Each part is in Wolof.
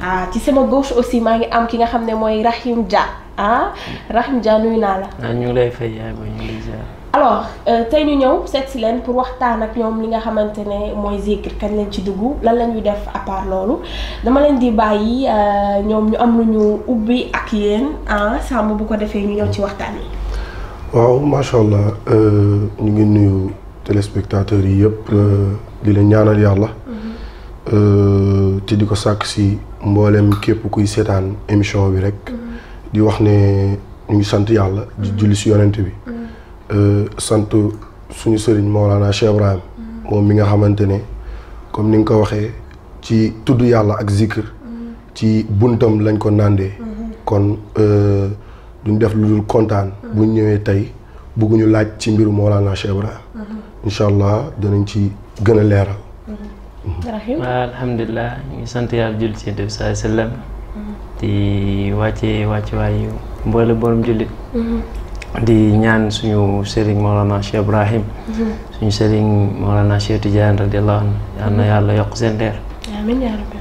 ah ci sama gauche aussi maa ngi am ki nga xam ne mooy Rahim Dia ah Rahim Dia nuyu naa la. waaw ah, ngi lay fay yaay mooy ñu ngi lay euh, tey ñu ñëw seet si leen pour waxtaan ak ñoom li nga xamante ne mooy zikr kañ leen ci duggu lan lañuy def à loolu dama leen di bàyyi euh, ñoom ñu am lu ñu ubbi ak yéen ah sàmm bu ko defee ñu ñëw ci waxtaan yi. waaw macha allah euh, ñu ngi nuyu téléspectateurs yi yëpp di leen ñaanal yàlla. Euh, te di ko sàkk si mbooleem képp kuy seetaan émission bi rek mm. di wax ne ñu ngi sant yàlla di mm. julli si yonent bi mm. euh, sant suñu sëriñ Mawlana Cheikh Ibrahim moom mi nga xamante ne comme ni nga ko waxee ci tudd yàlla ak zikr ci buntam lañ ko nàndee mm-hmm. kon euh, duñ def lu dul kontaan buñ ñëwee tey bëgguñu laaj ci mbiru Mawlana Cheikh Ibrahim mm-hmm. incha allah danañ ci gën a leeral rahim alhamdulilah ñu sant yàlla jullit si def saa sallam mm-hmm. di wàcce wàcce waayu mboole borom jullit mm-hmm. di ñaan suñu sëriñ Mawlana Cheikh Ibrahim mm-hmm. suñu sëriñ Mawlana Cheikh Tidiane radiallahu anhu yàlla yokk seen leer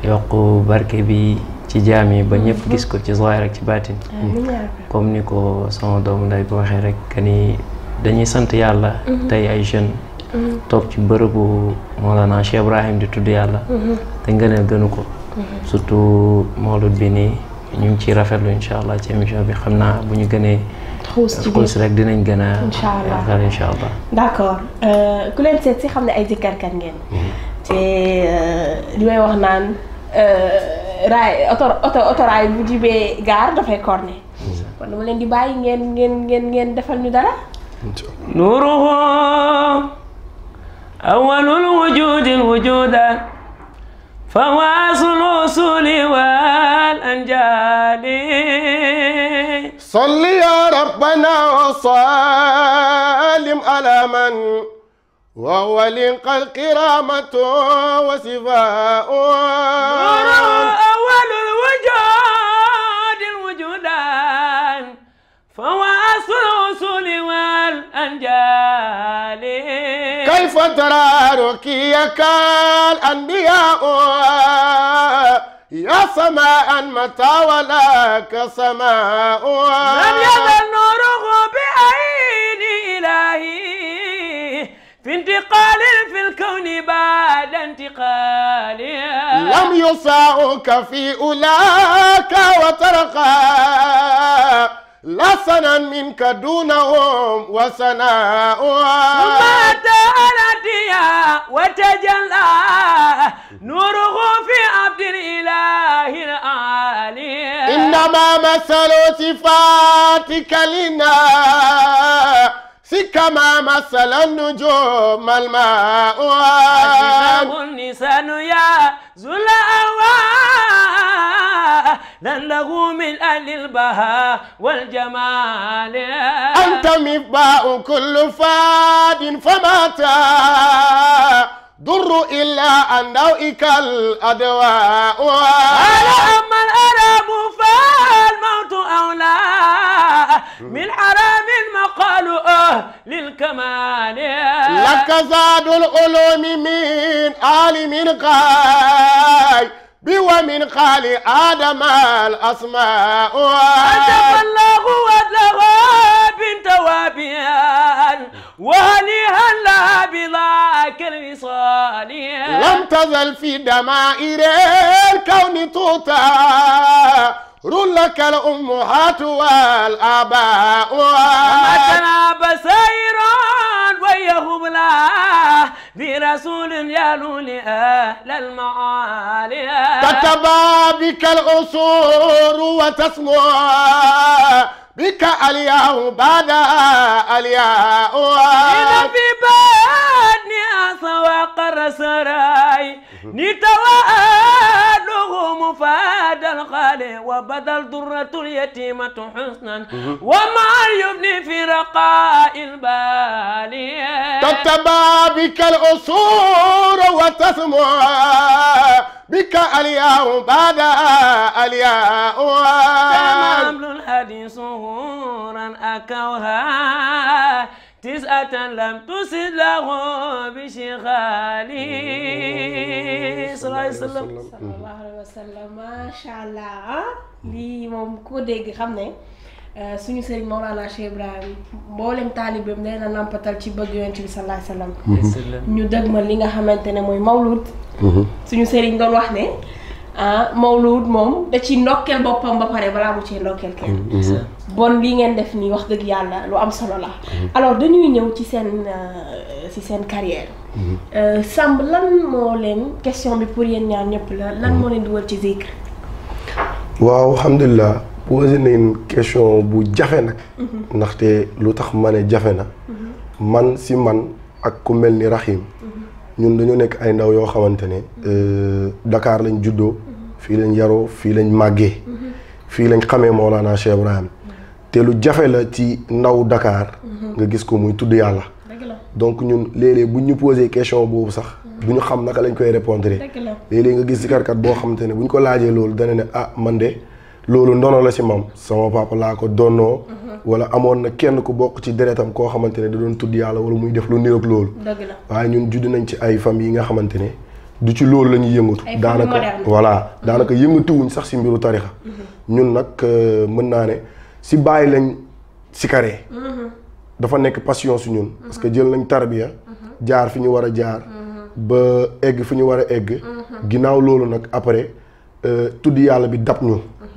yokk barke bi ci jaam yi ba ñëpp gis ko ci zaahir ak ci baatin comme ni ko sama doomu nday bi waxee rek que dañuy sant yàlla tey ay jeunes toog ci bërëbu Mawlana Cheikh Ibrahim di tudd yàlla mhm. te ngëneel gënu ko mhm. surtout mawlud bi nii ñu ngi ciy rafetlu incha allah ci émission bi xam naa bu ñu gënee xuus rek dinañ gën a yaakaar incha allah d'accord euh, ku leen seet si xam ne ay jikkarkat ngeen mhm. te di euh, may wax naan euh, raay oto oto otoraay bu jibee gaar dafay corne dama leen di bàyyi ngeen ngeen ngeen defal ñu dara nuruhu أول الوجود الوجود فهو أصل الأصول والأنجال صل يا ربنا وسلم على من وهو الكرامة وصفاء نور فترى ترى الأنبياء يا سماء متى ولك سماء لم يزل نوره بعين إلهي في انتقال في الكون بعد انتقال لم يساعك في أولاك وترقى لسنا منك دونهم وسناؤها مات أرديا وتجلى نوره في عبد الإله العالي إنما مثل صفاتك لنا سكما مثل النجوم الماء أجنب النسان يا ذو الأوان لأنه من أهل البهاء والجمال أنت مفباء كل فاد فمات ضر إلا أن نوئك الأدواء أما الألم فالموت أولى من حرام مقال أه للكمال لك زاد العلوم من عالم غاي من قال آدم الأسماء أجب الله له بنت وابيان وهنيها لها بذاك الوصال لم تزل في دمائر الكون توتا رلك الأمهات والآباء وما تناب لديهم لا برسول يلو لأهل المعالي تتبع بك العصور وتسمع بك الياء بعد الياء إذا في بني أسوى قرسراي نتوأ مفاد الخالي وبدل درة اليتيمة حسنا وما يبني في رقاء البالية تتبع بك الأصول وتسمع بك الياء بعد الياء تمام الحديث ظهورا أكوها تسعة لم تسد له بشغالي صلى الله عليه وسلم صلى الله عليه وسلم macha allah lii moom ko dégg xam ne euh, suñu sëriñ Mawlana Cheikh Ibrahim mboolem taalibeem nee na nampatal ci bëgg yonent bi sallallahu alayhi wasallam mm-hmm. ñu dëgg ma li nga xamante ne mooy mawlud mm-hmm. suñu sëriñ doon wax ne ah Mawlud moom da ci nokkel bopam ba pare bala mu ci nokkel kenn. Mm-hmm. Mm-hmm. bon li ngeen def ni wax deug Yalla lu am solo la. Mm-hmm. alors dañuy ñew ci sen euh, ci sen carrière. Euh Samb lan mo len question bi pour yeen ñaar ñep la lan moo leen dugal ci zikr. waaw alhamdulilah posé nañ question bu jafe nak. ndaxte lu tax ma ne na. man si man ak ku melni Rahim. ñun dañoo nekk ay ndaw yoo xamante ne euh, Dakar lañ juddoo fii lañ yaroo fii lañ màggee fii lañ xamee Mawlana Cheikh Ibrahim te lu jafe la ci ndaw dakaar nga gis ko muy tudd yàlla donc ñun léeg-léeg bu ñu posé question boobu sax bu ñu xam naka lañ koy répondre léeg-léeg nga gis sikarkat boo xamante ne bu ñu ko laajee loolu dana ne ah man de loolu ndono la si mam sama papa laa ko donnoo wala amoon na kenn ku bokk ci dereetam koo xamante ne da doon tudd yàlla wala muy def lu niroog loolu waaye ñun judd nañ ci ay famille yi nga xamante ne du ci loolu la ñuy yëngatu daanaka voilà mhm. daanaka yëngatuwuñ sax ci mbiru tarixa mhm. ñun nag euh, mën naa ne si bàyyi lañ sikare mhm. dafa nekk passion su ñun parce que jël nañ tarbiya jaar fi ñu war a jaar ba egg fi ñu war a egg ginnaaw loolu nag après euh, tudd yàlla bi dab ñu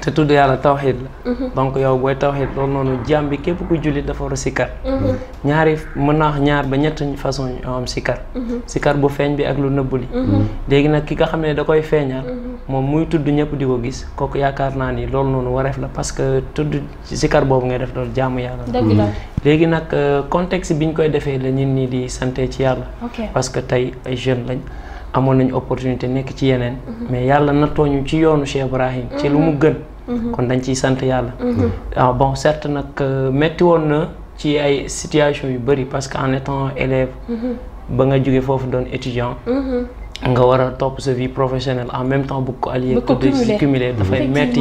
te tudd yàlla tawxiid la mhm. donc yow booy tawxiid loolu noonu jaam bi képp ku jullit dafa war a mhm. ñaari mën naa ñaar ba ñett façon ñu am sikkar mhm. sikkar bu feeñ bi ak lu nëbb li léegi nag ki nga xam ne da koy feeñal moom muy tudd ñëpp di ko gis kooku yaakaar naa ni loolu noonu wareef la parce que tudd sikkar boobu ngay def loolu jaamu yàlla la léegi nag euh, contexte bi ñu koy defee la ñun ñi di santé ci yàlla parce que tey ay jeune lañ amoon nañu opportunité nek ci yenen mhm. mais yalla nattooñu ci yoonu Cheikh Ibrahim ci lu mu mhm. gën mhm. kon dañ ci sante yalla ah bon certes nak euh, metti woon na ci ay situation yu bari parce que en étant élève ba nga jóge fofu doon étudiant nga war a topp sa vie professionnelle en même temps bëgg ko allier de cumuler dafay metti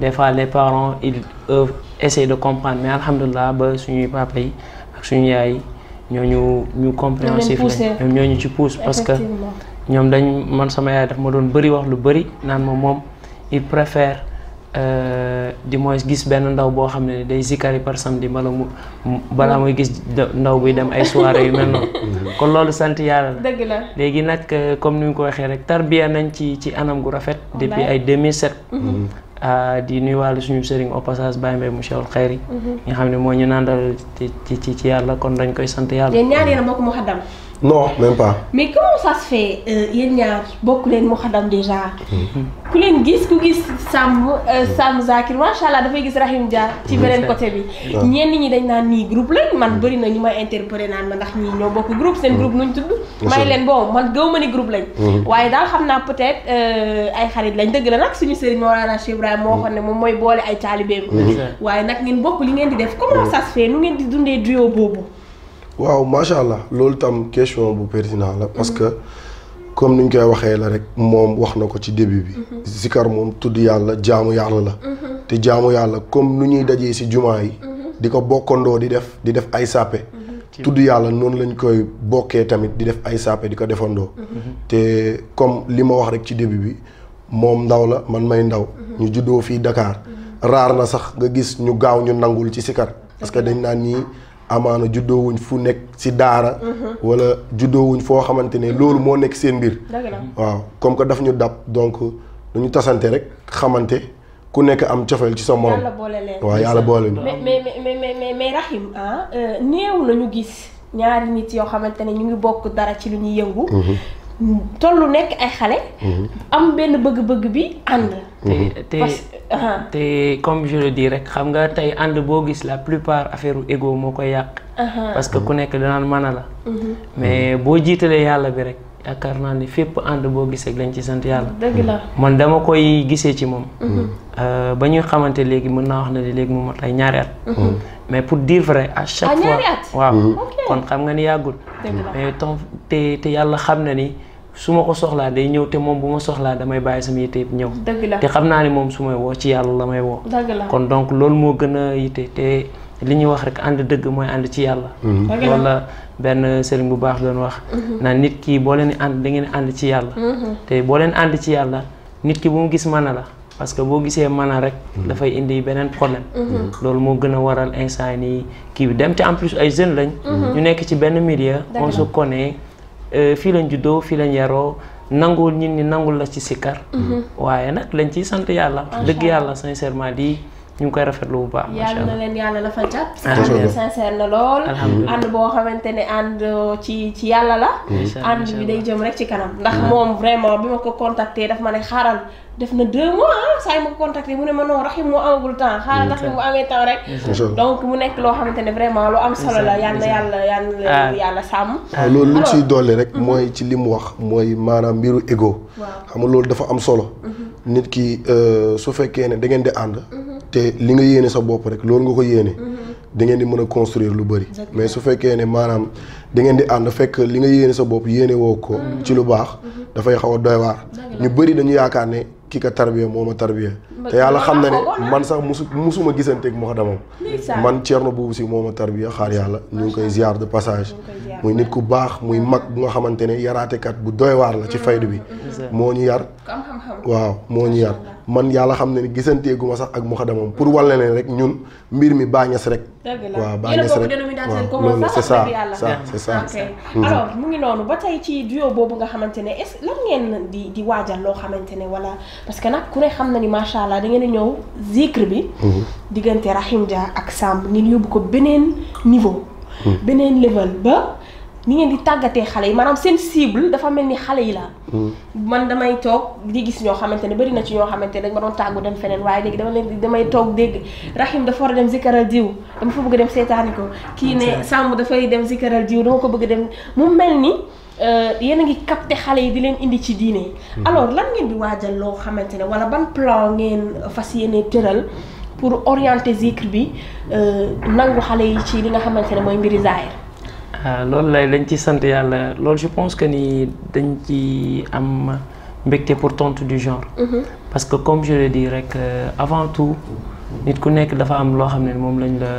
des fois les parents ils œuvrent essayer de comprendre mais alhamdulilah ba suñuy papa yi ak suñu yaay ñooñu ñu compréhensif la ñoom ñooñu ci pousse parce que ñom dañ man sama yaay daf ma doon bëri wax lu bëri naan ma mom il préfère euh di moy gis ben ndaw bo xamné day zikari par samedi mbala mu bala muy gis ndaw bi dem ay soirée yu mel non kon lolu sante yalla deug la légui nak euh, comme ni mu ko waxee rek tarbiya nañ ci ci anam gu rafet depuis ay 2007 mhm. di walu suñu serigne o passage Baye Mbaye mu Cheikhul Khayri mhm. nga xam mo ñu nandal ci ci ci yàlla kon dañ koy sante yalla ñaar yéen a bokk mu xadam non même pas. mais comment ça se fait Il y a beaucoup de xadam déjà. Mhm. ku leen gis ku gis Sam euh, Sam Zakir macha allah dafay Rahim ci mhm. côté bi. ñi dañ groupe lañ man mhm. ils na interpellé ma ndax Ils bokk groupe groupe nuñ tudd. Mais bon man gëw ma groupe lañ. ont daal peut-être euh, la comment ça se fait nu ngeen di waaw macha allah loolu tam question bu pertinent la parce que comme ni ñu koy waxee la rek moom wax na ko ci début bi. zikar moom tudd yàlla jaamu yàlla la. te jaamu yàlla comme nu ñuy dajee si jumaa yi. di ko bokkandoo di def di def ay sàppe. tudd yàlla noonu lañ koy bokkee tamit di def ay sàppe di ko defandoo. Mhm. te comme li ma wax rek ci début bi moom ndaw la man may ndaw. Mhm. ñu juddoo fii Dakar. raar na sax nga gis ñu gaaw ñu nangul ci sikar parce dañ naan nii. amaana juddoo wuñ fu nekk ci daara. Mhm. wala juddoo wuñ foo xamante ne loolu moo nekk seen mbir. waaw comme que daf ñu dab donc dañu tasante rek xamante ku nekk am cofeel ci sa morom. yàlla waaw yàlla boole leen. mais mais mais mais Rahim ah euh, néew gis ñaari nit yoo xamante ne ñu ngi bokk dara ci lu ñuy yëngu. Mhm. toll nek ay xalé mhm. am benn bëgg-bëgg bi and té té comme je le dis rek xam nga tay and bo gis la plupart affaire ego moo koy parce que ku nek da mën manala mhm. mais bo jiitalee yalla bi rek yaakaar naa ni and bo boo gisee lañ ci sant yalla deug la man dama koy gisee ci moom. Mhm. Euh, ba ñuy xamanté légui mëna wax na légui mu mat ay ñaari at. mais pour dire vrai à chaque ah, fois. waaw kon xam nga ni yagul mais té te yalla xam na ni. su ma ko soxlaa day ñëw te moom bu ma soxlaa damay bàyyi sama yitte yëpp ñëw. dëgg la te xam naa ne moom su may woo ci yàlla la may woo. dëgg la kon donc loolu moo gën a yitte te li ñu wax rek ànd dëgg mooy ànd ci yàlla. wala mhm. benn sëriñ bu baax doon wax. Mhm. naan nit kii boo leen di ànd da ngeen ànd ci yàlla. Mhm. te boo leen ànd ci yàlla nit ki bu gis mën na la. parce que boo gisee mën rek. dafay indi beneen problème. loolu moo gën a waral instant nii kii bi dem te en plus ay jeunes lañ. ñu nekk ci benn milieu. on se connaît. Euh, fii lañ juddoo fii lañ yaroo nangul nit ñi nangul la ci sikkar mhm. waaye nag lañ ciy sant yàlla dëgg yàlla sincèrement di ñu ngi koy rafetlu bu baax. yàlla na leen yàlla la fa jàpp. alhamdulilah sincère na lool. ànd boo xamante ne ànd ci ci yàlla la. ànd bi day jëm rek ci kanam. ndax moom vraiment bi ma ko contacté daf ma ne xaaral def na deux mois ah saa yi ma ko contacté mu nekk loo xamante ne vraiment lu am solo la yàlla ah. yàlla sàmm. Ah, loolu lu ciy dolli rek. Mhm. mooy ci li mu wax mooy maanaam mbiru ego. waaw loolu dafa am solo. Mhm. nit ki euh, su fekkee ne da ngeen di ànd. Mhm. te li nga yéene sa bopp rek loolu nga ko yéene. Mm-hmm. dangeen di mën a construire lu bëri. mais su fekkee ne maanaam da ngeen di ànd fekk li nga yéene sa bopp yéene woo ko. Mm-hmm. ci lu baax mm-hmm. dafay xaw a doy waar. ñu bëri dañu yaakaar ne kii ko tarbiya moom ma tarbiya te yàlla xam na ne man sax musu musuma gisanteeg moxadamam man Thierno Boubou si moom ma tarbiya xaar yàlla ñu ngi koy ziar de passage muy nit ku baax muy mag bu nga xamante ne yaraatekat bu doy la ci faydu bi mm-hmm. moo ñu yar waaw moo ñu yar man yàlla xam ne ni gisanteegu ma sax ak moxadamam pour walla leen rek ñun mbir mi baañes rek waaw baañes rek waaw mm-hmm. mu ngi noonu ba tey ci duo boobu nga xamante ne est ngeen di di waajal loo xamante ne laa da ngeen ñëw zikr bi. Mhm. diggante Rahim Dia ak Samb nit yóbbu ko beneen niveau. Mhm. beneen level ba ni ngeen di tàggatee xale yi maanaam seen cible dafa mel ni xale yi laa mhm. man damay toog di gis ñoo xamante ne bari na ci ñoo xamante ne dañ ma doon tàggu dem feneen waaye léegi dama leen damay toog dégg Rahim dafa war a dem zikaral diw dama fa bëgg dem seetaani ko. kii ne Samb dafay dem zikaral diw dama ko bëgg a dem mu mel ni. Euh, yéen a ngi capté xale yi di leen indi ci diine mhm. alors lan ngeen di waajal loo xamante ne wala ban plan ngeen fas yéene tëral pour orienter zikr bi euh, nangu xale yi ci li nga xamante ne mooy mbiri zaahir ah loolu lay lañ ci sant yàlla loolu je pense que ni dañ ci am mbégte pour tontu du genre mhm. parce que comme je le dis rek euh, avant tout nit ku nekk dafa am loo xam ne moom lañ la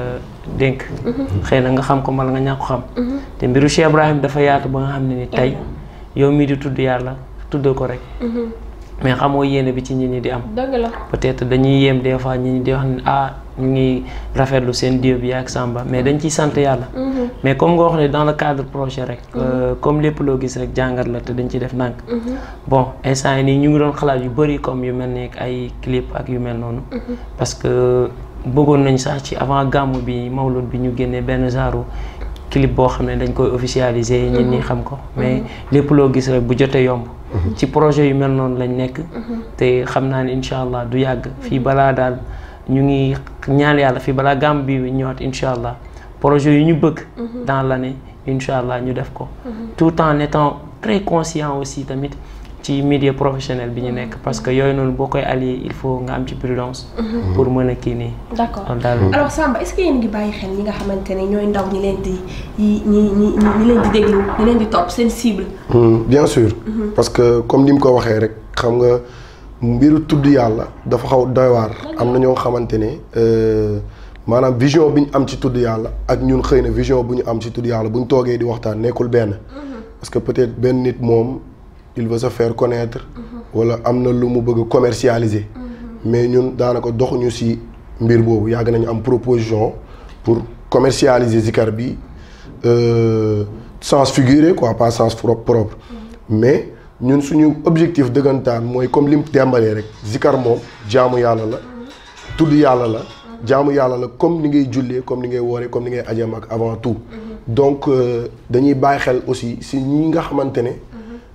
dénk mhm. xëy na nga xam ko mbala nga ñàkk xam mhm. té mbiru Cheikh Ibrahim dafa yaatu ba nga xam ni tay yow mi di tudd yalla tuddal ko rek mhm. mais xamoo yéene bi ci nit ñi di am peut-être dañuy yéem des fois nit ñi di wax ni ah ñu ngi rafetlu seen diw bi ak Samba mais dañ ciy sant yàlla mais comme nga wax ne dans le cadre projet rek euh, comme lépp loo gis rek jàngat la te dañ ci def nànk bon instant yi nii ñu ngi doon xalaat yu bëri comme yu mel ni ay clip ak yu mel noonu parce que bëggoon nañu sax ci avant gàmmu bi mawlud bi ñu génnee benn genre clip boo xam ne dañ koy officialiser ñit nii mhm. xam ko mhm. mais lépp loo gis rek bu jotee yomb mhm. ci projet yu mel noonu lañ nekk te xam naa ne incha allah du yàgg fii balaa daal ñu ngi ñaan yàlla fii balaa gàmm bi ñëwaat incha allah projet yu ñu bëgg dans ne incha allah ñu def ko tout en étant très conscient aussi tamit ci média professionnel mm-hmm. parce que il faut nga prudence. Mm-hmm. pour mën d'accord alors Samba est-ce que yéen ngi xel ñi nga ndaw ñi ñi déglu bien sûr. Mm-hmm. parce que comme ni ko rek xam nga mbiru dafa xaw doy euh, vision bi am ci ak vision bu am ci di waxtaan parce que peut-être ben nit moom il veut se faire connaître wala amna na lu mu bëgg commercialiser mais ñun daanaka doxuñu ci mbir bobu yag nañu am proposition pour commercialiser Zikar bi euh, sans figurer quoi pas sans propre mais ñun suñu objectif dëggantaan moy comme lim dembalee rek Zikar moom jaamu yalla la tudd yalla la jaamu yalla la comme ni ngay jullee comme ni ngay woré comme ni ngay ajeem ak avant tout donc euh, dañuy bàyyi xel aussi ci ñi nga xamantene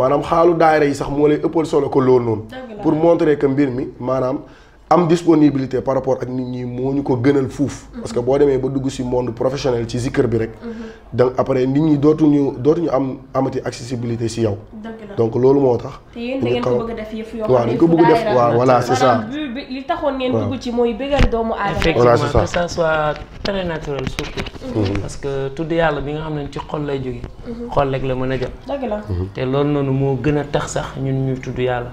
maanaam xaalu daayira yi sax moo lay ëppal solo ko loolu noonu pour montrer que mbir mi maanaam am disponibilité par rapport ak nit ñi moo ko gënal fouf parce que bo démé ba dugg ci monde professionnel ci zikër bi rek. donc après nit ñi ñu dootuñu ñu am amati accessibilité ci yow. donc lolu moo tax. te yéen da ngeen ko bëgg def yef yo xam ne ko bëgg def wa voilà c'est ça. li taxone ngeen dugg ci moy bëggal doomu adam voilà c'est ça que ça soit très naturel surtout. Mhm. parce que tudd yalla bi nga xam ci xol lay jóge. Mhm. xol rek la mëna a dëgg la mhm. té loolu nonu mo gëna tax sax ñun ñu tudd yalla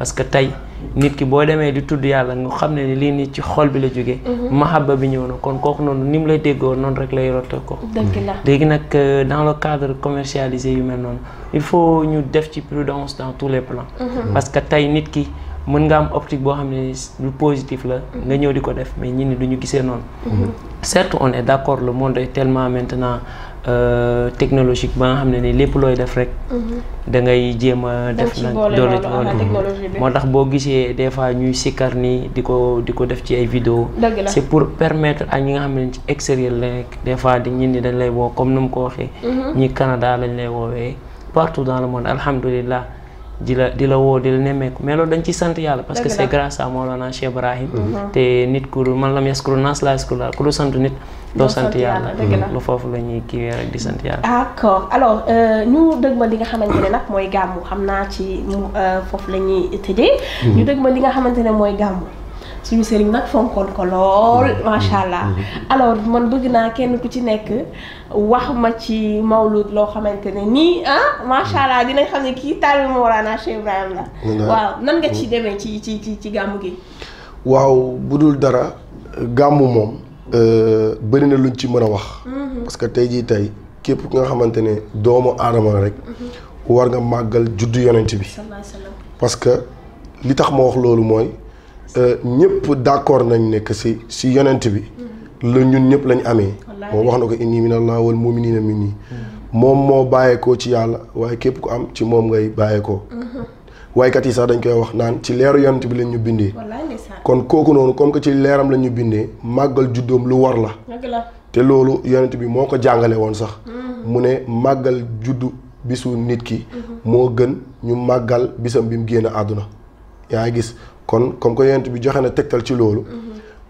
parce que tay nit ki bo demee di tuddu yalla nga xamné li ni ci xol bi la joggé mhm. mahabba bi ñëw na kon kooku noonu ni mu lay déggo non rek lay rotte ko léegi nak euh, dans le cadre commercialisé yu mel non il faut ñu def ci prudence dans tous les plans mhm. parce que tay nit ki mën nga am optique bo xamné lu positif la mhm. nga ñëw diko def mais ñi ni duñu gisé non certes on est d'accord le monde est tellement maintenant Euh, technologique ba nga xam ne ni lépp looy def rek. Mhm. da ngay jéem a def nag doole ci moo tax boo gisee des fois ñuy sikkar nii di ko di ko def ci ay vidéo c'est pour permettre ak ñi nga xam ne ci extérieur la nekk des fois di ñun ni dañ lay woo comme nu mu ko waxee. Mhm. ñi Canada lañ lay woowee partout dans le monde alhamdulilah. di la di la woo di la nemmeeku mais dañ ciy sant yàlla parce que c'est grâce à Mawlana Cheikh Ibrahim mhm. te nit ku man lam yaskuru naas laa yaskuru laa ku du sant nit doo sant yàlla mhm. lu foofu la ñuy kiiwee rek di sant yàlla d'accord alors euh, ñu dëg ma li nga xamante ne nag mooy gàmmu xam naa ci euh, foofu la ñuy tëjee mhm. ñu dëg ma li nga xamante ne mooy gàmmu si sëriñ nag fonkoon ko lool mm-hmm. macha allah. Mm-hmm. alors man bëgg naa kenn ku ci nekk wax ma ci mawlud loo xamante ne nii ah, mm-hmm. allah dinañ xam ne kii taalibe Mawlana Cheikh Ibrahim nan nga ci demee ci gàmmu gi. waaw bu dul dara gàmmu moom. Euh, bëri na luñ ci mën a wax. parce que tey jii tey képp ki nga xamante ne doomu aadama la rek. war nga màggal juddu yonent bi. parce que li tax ma wax loolu mooy. Euh, ñëpp d'accord nañ ne que si si yonent bi mm-hmm. la ñun ñëpp lañ amee moo wax na ko inni minallah wal muminina minni mm-hmm. moom moo bàyyeekoo ci yàlla waaye képp ku am ci moom ngay bàyyeekoo mm-hmm. waykat yi sax dañ koy wax naan ci leeru yonent bi lañ ñu bindee kon kooku noonu comme que ci leeram lañ ñu bindee màggal juddoom lu war la te loolu yonent bi moo ko jàngale woon sax mu ne màggal juddu bisu nit ki moo gën ñu màggal bisam bi mu génn àdduna yaa gis kon comme que yonent bi joxe na tegtal ci loolu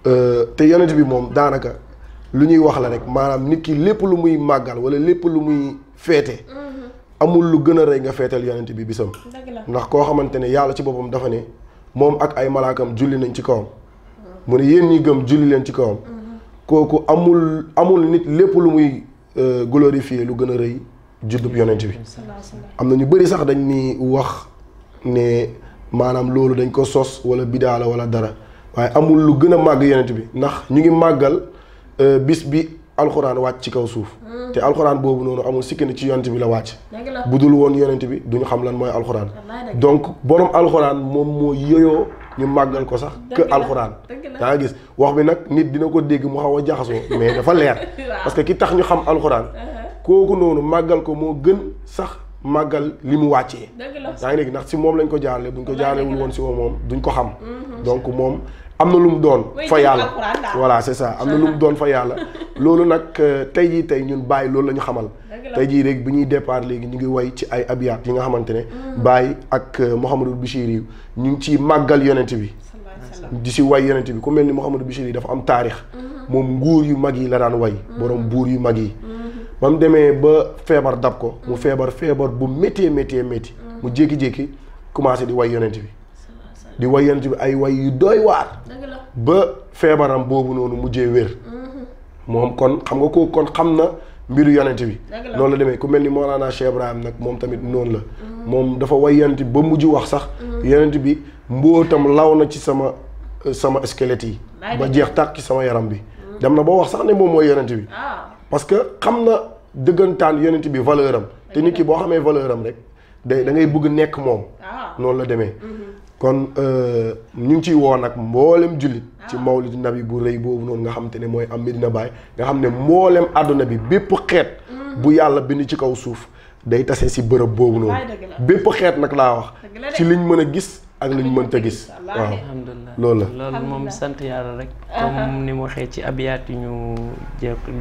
euh, te yonent bi moom daanaka lu ñuy wax la rek maanaam nit ki lépp lu muy màggal wala lépp lu muy feete mhm. amul lu gën a rëy nga feetal yonent bi bisam ndax koo xamante ne yàlla ci boppam dafa ne moom ak ay malaakam julli nañ ci kawam mu ne yéen ñi gëm julli leen ci kawam mhm. kooku amul amul nit lépp lu muy euh, glorifier lu gën a rëy juddub yonent bi am na ñu bëri sax dañ ni wax ne maanaam loolu dañ ko sos wala bidaa la wala dara waaye amul lu gën a màgg yonent bi ndax ñu ngi màggal euh, bis bi alxuraan wàcc ci kaw suuf mm. te alxuraan boobu noonu amul sikkani ci yonent bi la wàcc bu dul woon yonent bi duñu xam lan mooy alxuraan donc borom alxuraan moom moo yoyoo ñu màggal ko sax que alxuraan yaa gis wax bi nag nit dina ko dégg mu xaw a jaxasoo mais dafa leer parce que ki tax ñu xam alxuraan uh-huh. kooku noonu màggal ko moo gën sax màggal li mu wàccee yaa ngi dégg ndax si moom lañ ko bu ñu ko jaarale woon si woo moom duñ ko xam mhm. donc moom am na lu doon fa yàlla voilà c'est ça am na lum doon fa yàlla loolu nag euh, tey jii tey ñun bàyyi loolu lañu xamal tey jii rek bi ñuy départ léegi ñu ngi woy ci ay abiyat yi nga xamante ne mhm. bàyyi ak euh, Mouhamadou Bichir yi ñu ngi ci màggal yonent bi di si way yonent bi ku mel ni Mouhamadou Bichir yi dafa am taarix mhm. moom nguur yu mag yi la daan way borom buur yu mag yi ba mu demee ba feebar dab ko mu mm. feebar feebar bu méttee méttee métti mu mm. jékki-jékki commencé di way yonent bi di way yonent bi ay way yu doy waar ba feebaram boobu noonu mujjee wér mm-hmm. moom kon xam nga ko kon xam na mbiru yonent bi noonu la demee ku mel ni Mawlana Cheikh Ibrahim nag moom tamit noonu la mm-hmm. moom dafa way yonent bi ba mujj wax sax mm-hmm. yonent bi mbóotam law na ci sama sama squelette yi ba jeex tàkk ci sama yaram bi mm. dem na boo wax sax ne moom mooy yonent bi ah. parce que xam na dëggantaan yonent bi valeur am te nit ki boo xamee valeur am rek day da ngay bëgg nekk moom ah. noonu la demee mhm. kon euh, ñu ngi ciy woo nag mboolem jullit ah. ci mawlid yi bu rëy boobu noonu nga xam ne mooy am Medina Baye nga xam ne mboolem àdduna bi bépp xeet mhm. bu yàlla bind ci kaw suuf day tase si bërëb boobu noonu bépp xeet nag laa wax ci liñ mën a gis ak lu ñu mënta gis waaw loolu la loolu moom sant yàlla rek comme ni mu waxee ci abiyaat yi ñu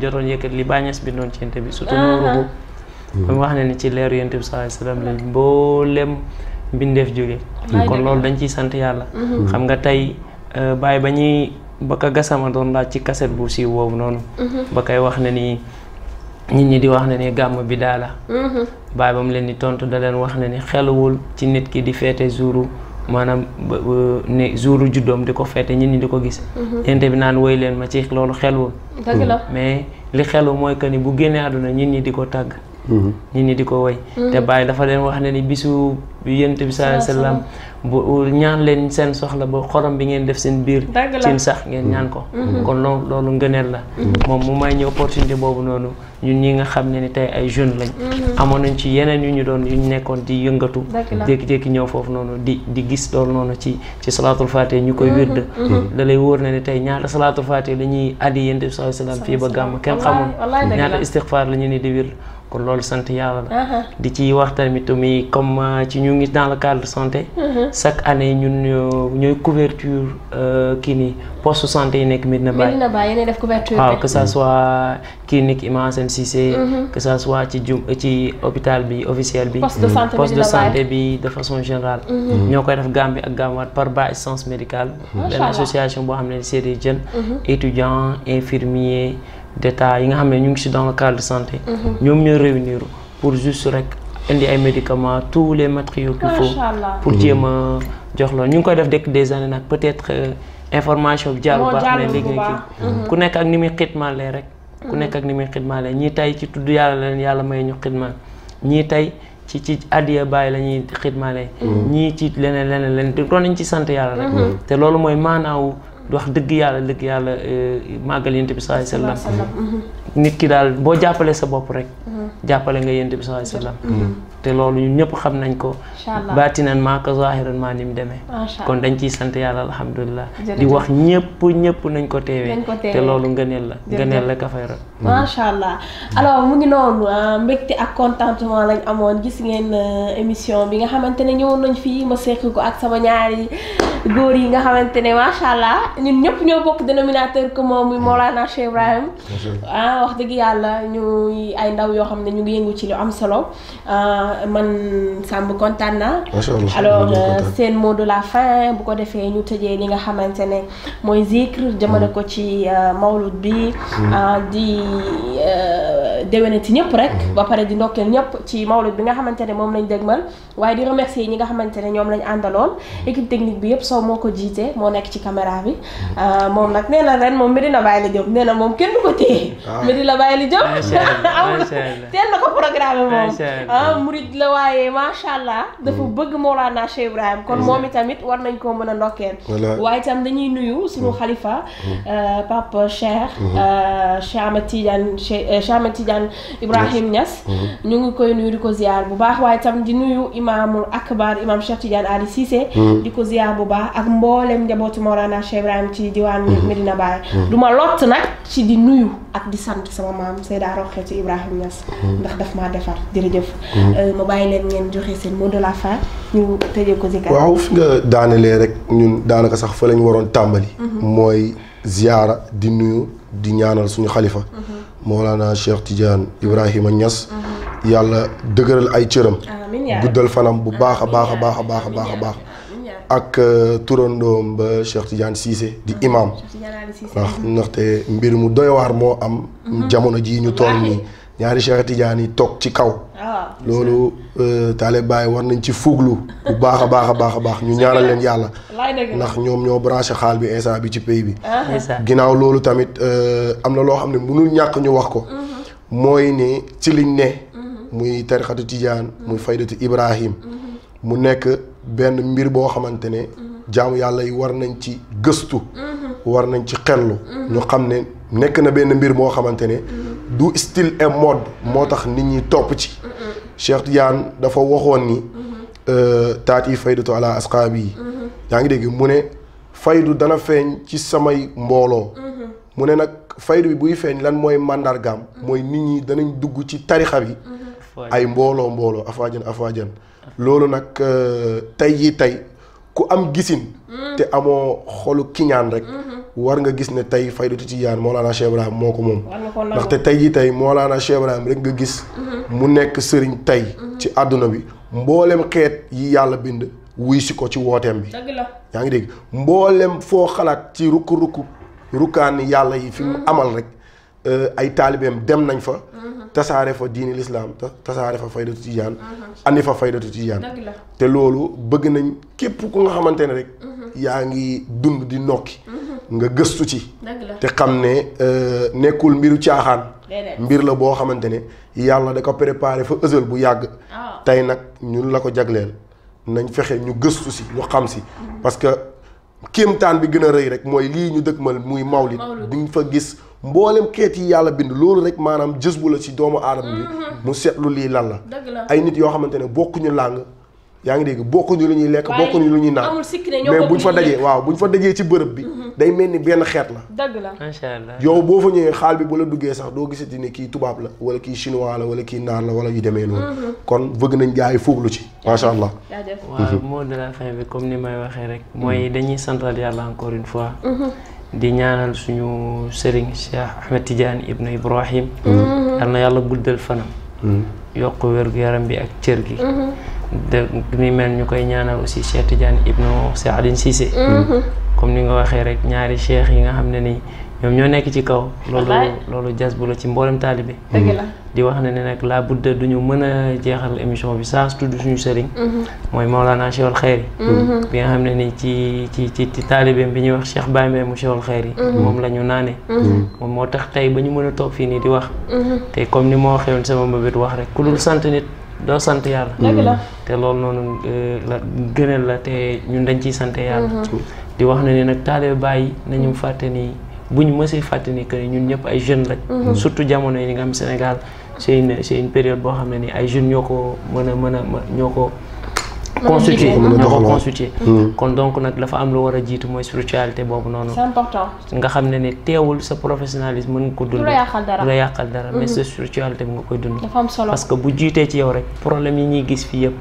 jotoon yëkkat li bàññees bindoon ci yent bi surtout nuuru bu hmm. mu wax na ni ci leeru yent bi sallallahu alayhi wasallam boo mboolem bindeef jóge kon loolu dañ ciy sant yàlla uhuh. xam nga tey euh, baay ba ñuy ba ko gasama doon laaj ci kaset bu siiw woowu noonu uhuh. ba koy wax na ni nit ñi di wax na ni gàmm bi daala uhuh. baay ba mu leen tontu da leen wax na ni xelawul ci nit ki di feete jouru maanaam ne jour juddoom di ko fête ñit ñi di ko gis. Mhm. yéen bi naan woy leen ma ci loolu xelul. dëgg la mais li xelu mooy que ni bu génnee àdduna ñit ñi di ko tàgg. Mm-hmm. nit ñi di ko woy mm-hmm. te bàyyi dafa leen wax ne ni bisu yonent bi sallallahu alayhi wasallam bu ñaan leen seen soxla ba xorom bi ngeen def seen biir ci sax ngeen ñaan ko mm-hmm. kon loolu loolu ngëneel la moom mu may ñu opportunité boobu noonu ñun ñi nga xam ne ni tey ay jeunes lañ amoon nañ ci yeneen yu ñu doon yu ñu nekkoon di yëngatu jékki-jékki ñëw foofu noonu di di gis loolu noonu ci ci salaatul faatee ñu koy wérd da lay wóor na ne tey ñaata salaatul faatee la ñuy addi yonent bi sallallahu alayhi wasallam ba gàmm kenn la ñu ne di wér kon loolu sant yàlla la. di ci wax tamit comme euh, ci ñu ngi dans le cadre de santé. Mhm. chaque année ñun ñooy couverture euh, kii nii poste santé yi nekk Medina Baye. Medina Baye def couverture waaw que ça soit clinique image, Assane mhm. que ça soit ci ju ci hôpital bi officiel bi. poste de santé de bi de façon générale. Mhm. ñoo koy def Gambie ak Gamouat par bas essence médicale. benn association boo xam ne c'est des jeunes. étudiants infirmiers. Nous sommes dans le cadre de santé. nous mhm. nous réunir pour juste rek les médicaments tous les matériaux qu'il faut. pour mhm. dire des années peut-être euh, information informations baax ne léegi mhm. ku nekk ak ni muy xitmaalee rek. ku nekk ak ni avons wax dëgg yàlla dëgg yàlla euh, màggal yent bi sallallahu alayhi wasallam nit ki daal boo jàppalee sa bopp rek mm-hmm. jàppale nga yent bi sallallahu alayhi wasallam mm-hmm. te loolu ñun ñëpp xam nañ ko. baatinan maa ko zahiran maa ni mu demee. kon dañ ciy sant yàlla alhamdulilah. di wax ñëpp ñëpp nañ ko teewee. te loolu ngëneel la ngëneel la ka fay ra. macha allah alors mu ngi noonu ah, mbégte ak contentement lañ amoon gis ngeen euh, émission bi nga xamante ne ñëwoon nañ fii ma seq ko ak sama ñaari góor yi nga xamante ne macha allah ñun ñëpp ñoo bokk dénominateur que moom muy Mawlana Cheikh Ibrahim. ah wax dëgg yàlla ñuy ay ndaw yoo xam ne ñu ngi yëngu ci lu am solo. Ah, man Samb kontaan na alors euh, seen mot de la fin bu ko defee ñu tëjee li nga xamante ne mooy zikr. jëmale mm. ko ci euh, mawlud bi mm. euh, di. déwénati ñëpp rek. Mhm. ba pare di ndokkeel ñëpp ci mawlid bi nga xamante ne moom lañ dégmal waaye di remercier ñi nga xamante ne ñoom lañ àndaloon mhm. équipe technique bi yëpp Sow moo ko jiite moo nekk ci caméra bi mhm. euh, moom nag nee ren moom Medina Baye la jëm nee moom kenn ko téye. Ah. Medina Baye la jëm. macha na ko programme moom. Ah, murid la waaye macha allah. dafa bëgg Mawlana Cheikh Ibrahim kon moom itamit war nañ koo mën a ndokkeel. waaye itam dañuy nuyu suñu euh, Tidiane Ibrahim Nias mm-hmm. ñu ngi koy nuyu di ko ziar bu baax waaye tam di nuyu imam akbar imam Cheikh Tidiane Ali Cissé mm-hmm. di ko ziar bu baax ak mboolem njabootu Morana Cheikh Ibrahim ci diwaan mm-hmm. Medina Bay du ma lott nag ci di nuyu ak di sant sama maam Seyda ci Ibrahim Nias ndax daf ma defar jërëjëf euh, ma bàyyi leen ngeen joxe seen mot de la fin ñu tëjee ko si waaw fi nga daanelee rek ñun daanaka sax fa lañ waroon tàmbali mooy زياره دينيو دينيانا دي نيانال سونو خليفه مولانا شيخ تيجان ابراهيم نياس يالا دغرل اي تيرم غودل فانام بو باخا باخا باخا باخا باخا باخا اك توروندوم با شيخ تيجان سيسي دي امام شيخ تيجان سيسي نختي مبير مو دوي وار مو ام جامونو جي ني تول ني ñaari Cheikh Tidiane yi toog ci kaw. Ah. loolu euh, taale Baye war nañ ci fuglu bu baax a baax a baax a baax ñu ñaaral leen yàlla. ndax ñoom ñoo branché xaal bi instant bi ci pays bi. Ah. ginnaaw loolu tamit euh, am na loo xam ne mënul ñàkk ñu wax ko. Mm-hmm. mooy ne ci liñ ne. Mm-hmm. muy tarixatu Tidiane. muy faydatu Ibrahim. Mm-hmm. mu nekk benn mbir boo xamante ne. jaamu yàlla yi war nañ ci gëstu. war nañ ci xellu. ñu xam ne nekk na benn mbir boo xamante ne. du style et moo tax nit ñi topp ci Cheikh Tidiane dafa waxoon ni euh, taat yi faydatu ala asxaab yi yaa ngi dégg mu ne faydu dana feeñ ci samay mbooloo mu ne nag faydu bi buy feeñ lan mooy màndargaam mooy nit ñi danañ dugg ci tarixa bi ay mbooloo mbooloo afaajan afaajan loolu nag euh, tey yi tey ku am gisin mm. te amoo xolu kiñaan rek mm-hmm. war nga gis ne tey faydatu tijaan Mawlana Cheikh Ibrahim moo ko moom ndaxte tey ji tey Mawlana Cheikh Ibrahim rek nga gis mhm. mu nekk sëriñ tey ci mhm. àdduna bi mboolem xeet yi yàlla bind wuy si ko ci wooteem bi yaa ngi dégg mboolem foo xalaat ci rukk rukk rukkaan yàlla yi fi mu mhm. amal rek eh, ay taalibeem dem nañ fa tasaare fa diini lislaam tasaare fa faydatu tijaan andi fa faydatu tijaan te loolu bëgg nañ képp ku nga xamante ne rek yaa ngi dund di nokki nga gëstu ci. te xam ne euh, nekkul mbiru caaxaan. mbir la boo xamante ne yàlla da ko préparé fa ësël bu yàgg. Ah. tey nag ñun la ko jagleel nañ fexe ñu gëstu si ñu xam si. Mm-hmm. parce que kéemtaan bi gën a rëy rek mooy lii ñu dëkkmal muy mawlid duñ fa gis. mboolem xeet yi yàlla bind loolu rek maanaam jës bu la ci doomu aadama yi mm-hmm. mu seetlu lii lan la ay nit yoo xamante ne bokkuñu làng yaa ngi dégg bokkuñu lu ñuy lekk bokkuñu lu ñuy naan mais buñ fa dajee waaw buñ fa dajee ci bërëb bi mhm. day mel ni benn xeet la dëgg la macha allah yow boo fa ñëwee xaal bi bu la duggee sax doo gisati ne kii tubaab la wala kii chinois la wala kii naan la wala yu demee noonu mhm. kon bëgg nañ jaay lu ci macha allah waaw moo de la fin bi comme ni may waxee rek mooy mhm. dañuy santal yàlla encore une fois di ñaanal suñu sëriñ Cheikh Ahmed Tidiane ibnu Ibrahim na yàlla guddal fanam yokk wér yaram bi ak cër gi de ni mel ñukay ñaanal aussi Cheikh Tidiane Ibnu Cheikh Aline Cissé mm-hmm. comme ni nga waxee rek ñaari cheikh yi nga xam ni ñom ñoo nekk ci kaw lolu lolu jazz bu la ci mboolem taalibe mm-hmm. di wax ne ne nag laa duñu mëna jéxal émission bi sans tuddu suñu sëriñ moy mm-hmm. maulana Cheikhul khair bi nga xam ni ci ci ci talibé bi ñu wax Cheikh baymé mu Cheikhul khair mom lañu naané mom tax di wax té comme ni sama mbëbit wax rek kulul nit doo sant yàlla. Mm-hmm. te loolu noonu euh, la gënal la te ñun dañ ciy sant yàlla. Mm-hmm. di wax ne ni nag taalibe bàyyi nañu mm-hmm. fàtte ni bu ñu mësee fàtte ni que ñun ñëpp ay jeunes lañ. surtout jamono yi nga am Sénégal c'est une c'est une période boo xam ne ni ay jeunes ñoo ko mën a mën a ñoo ko. constitué ñoo ko constitué hmm. kon donc nag dafa am lu war a jiitu mooy spiritualité boobu noonu c'est nga xam ne ne teewul sa professionnalisme mun nga ko dund du la yàqal dara mais hmm. sa spiritualité bi nga koy dund dafa parce que bu jiitee ci yow rek problème yi ñuy gis fii yëpp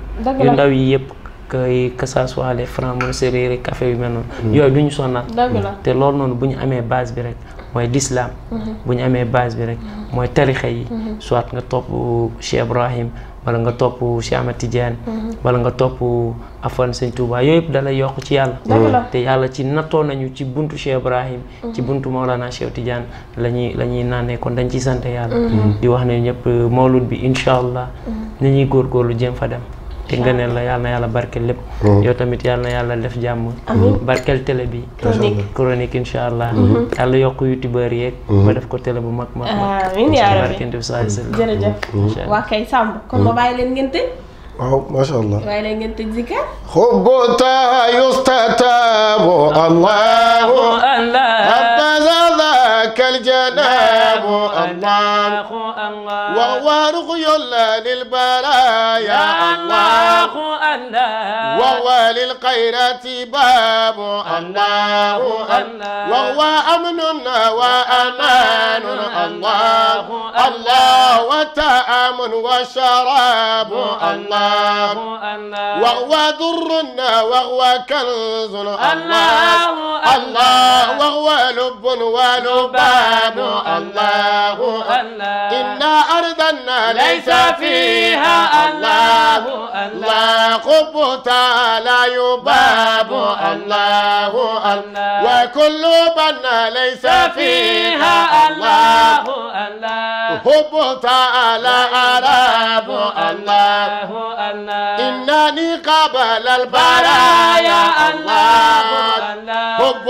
yu ndaw yi yëpp que que ça soit les francs mooy séeréer yu mel noonu hmm. yooyu du ñu sonnal te loolu noonu bu ñu amee base bi rek mooy l'islam bu ñu amee base bi rek mooy tarixa yi soit nga topp Cheikh wala nga topp Cheikh Ahmed Tidiane mhm. wala nga topp afan sëñ Touba yooyu yëpp dalay yokk ci yàlla te yàlla ci nattoo nañu ci buntu Cheikh Ibrahim mhm. ci buntu Maolana Cheikh Tidiane la ñuy la ñuy naanee kon dañ ciy sant yàlla mhm. di wax ne ñëpp mawlud bi incha allah ni ñuy góorgóorlu jéem fa dem te ngëneel la yàlla na lépp mm-hmm. yow tamit yàlla yàlla def jàmm barkeel télé bi chronique incha allah mm-hmm. yàlla yokk youtubeur yeeg mm-hmm. ba def ko télé bu mag mag mag amiin yaa rabbi barkeel bi saa sel jërëjëf waa kay sàmm kon ma bàyyi leen ngeen tëj waaw macha allah bàyyi leen ngeen tëj zikar xubuta yustatabu allahu allah الله وهو رقي للبرايا الله وهو للخيرات باب الله وهو أمن وأمان الله الله وتأم وشراب الله وهو در وهو كنز الله الله وهو لب ولباب الله الله إنا أرضنا ليس فيها الله الله قبطة لا يباب الله وكل بنا ليس فيها الله هبطة لا أراب الله إنني قبل البرايا الله حب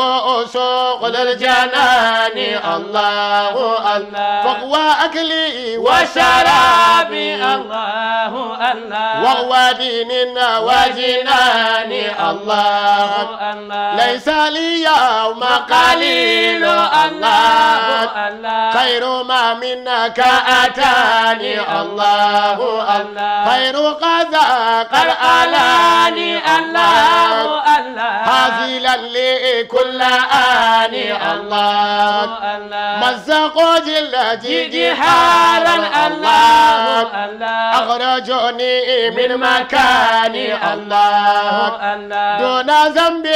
شغل الجنان الله الله فهو أكلي وشرابي الله الله وهو ديننا وجناني الله الله ليس لي يوم قليل الله الله خير ما منك أتاني الله الله خير غذا قد ألاني الله الله حافلا لي كل آني الله مزق الذي جهارا الله الله أخرجني من مكاني الله الله دون ذنب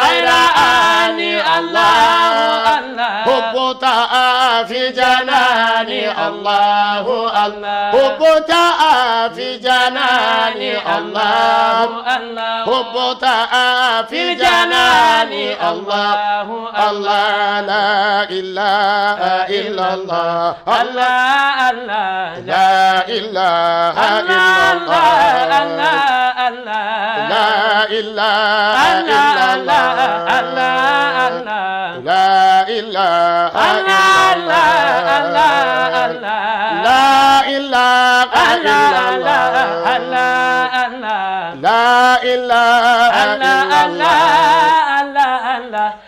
غير أني الله الله في جناني الله الله حبت في جناني الله الله حبت في جناني الله الله لا إله إلا الله الله الله لا إله إلا الله الله لا إلا ألا ألا لا إلا ألا ألا لا إلا ألا ألا لا إلا ألا ألا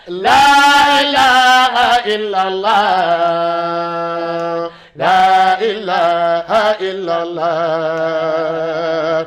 لا إله إلا الله لا إله إلا الله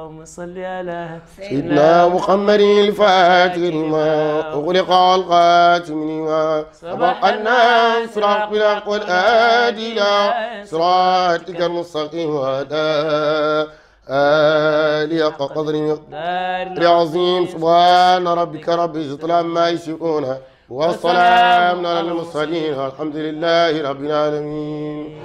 اللهم صل على سيدنا محمد الفاتح لما أغلق القاتم لما سبق الناس رب الحق والآدي سراتك صراطك المستقيم وعلى آلي قدر مقدار عظيم سبحان ربك رب العزة ما يشركون والسلام على المرسلين والحمد لله رب العالمين